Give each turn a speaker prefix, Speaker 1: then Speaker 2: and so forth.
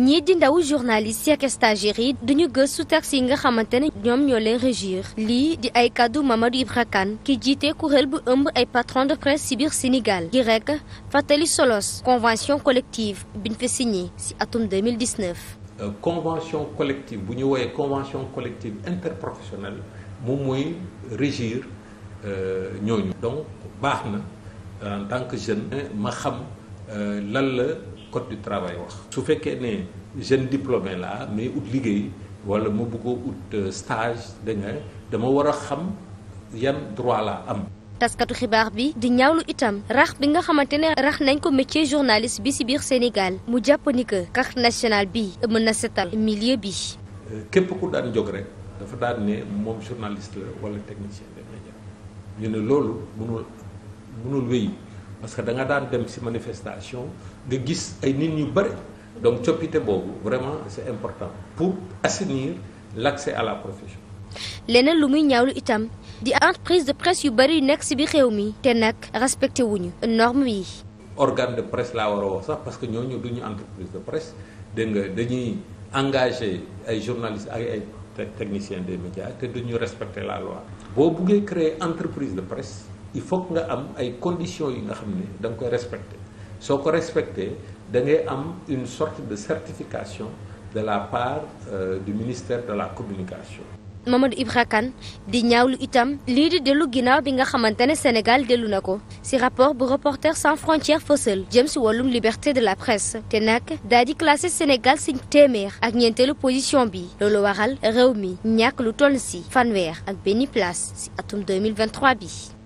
Speaker 1: ñii di ndaw journaliste yeek stagiaires yi duñu gëstu tax yi nga xamante ne ñoom ñoo leen régir lii di ay kàddu Mamadou Ibra Kane ki jiite kuréel bu ëmb ay patron de presse ci biir Sénégal gi rekk fàttali solos convention collective biñ fa signé ci atum 2019
Speaker 2: euh, convention collective bu ñu woowee convention collective interprofessionnelle moom mooy régir euh, ñooñu donc baax na en tant que jeune ma xam euh, lan la code du travail wax su fekkee ne jeune diplômé laa mais ut liggéey wala ma bëggoo ut euh, stage da dama war a xam yan droit la am
Speaker 1: taskatu xibaar bi di ñaawlu itam rax bi nga xamante ne rax nañ ko métier journaliste bi ci biir Sénégal mu jàpp ni que carte nationale bi mën na setal milieu bi
Speaker 2: euh, képp ku daan jog rek dafa daan ne moom journaliste la wala technicien de média ñu ne loolu mënul mënul wéy parce que da nga daan dem ci manifestation nga gis ay nit ñu bëri donc coppite boobu vraiment c'est important pour assainir l'accès à la profession.
Speaker 1: leneen lu muy ñaawlu itam di entreprise de presse yu bëri nekk ci bi xew mi te nag respecté wuñu norme yi.
Speaker 2: organe de presse laa war a wax sax parce que ñooñu duñu entreprise de presse dégg dañuy engage ay journalistes ak ay. technicien des médias te duñu respecter la loi boo buggee créer entreprise de presse il faut que nga am ay conditions yi nga xam ne da koy respecté soo ko respecté da ngay am une sorte de certification de la part euh, du ministère de la communication.
Speaker 1: Mamadou Ibra Kane di ñaawlu itam lii di dellu ginnaaw bi nga xamante ne Sénégal dellu na ko ci rapport bu Reporters sans frontières fësal jëm ci wàllum liberté de la presse te nag daa di classé Sénégal ci téeméer ak ñeenteelu position bi loolu waral réew mi ñàkk lu toll ci fanweer ak benn place ci atum 2023 bi.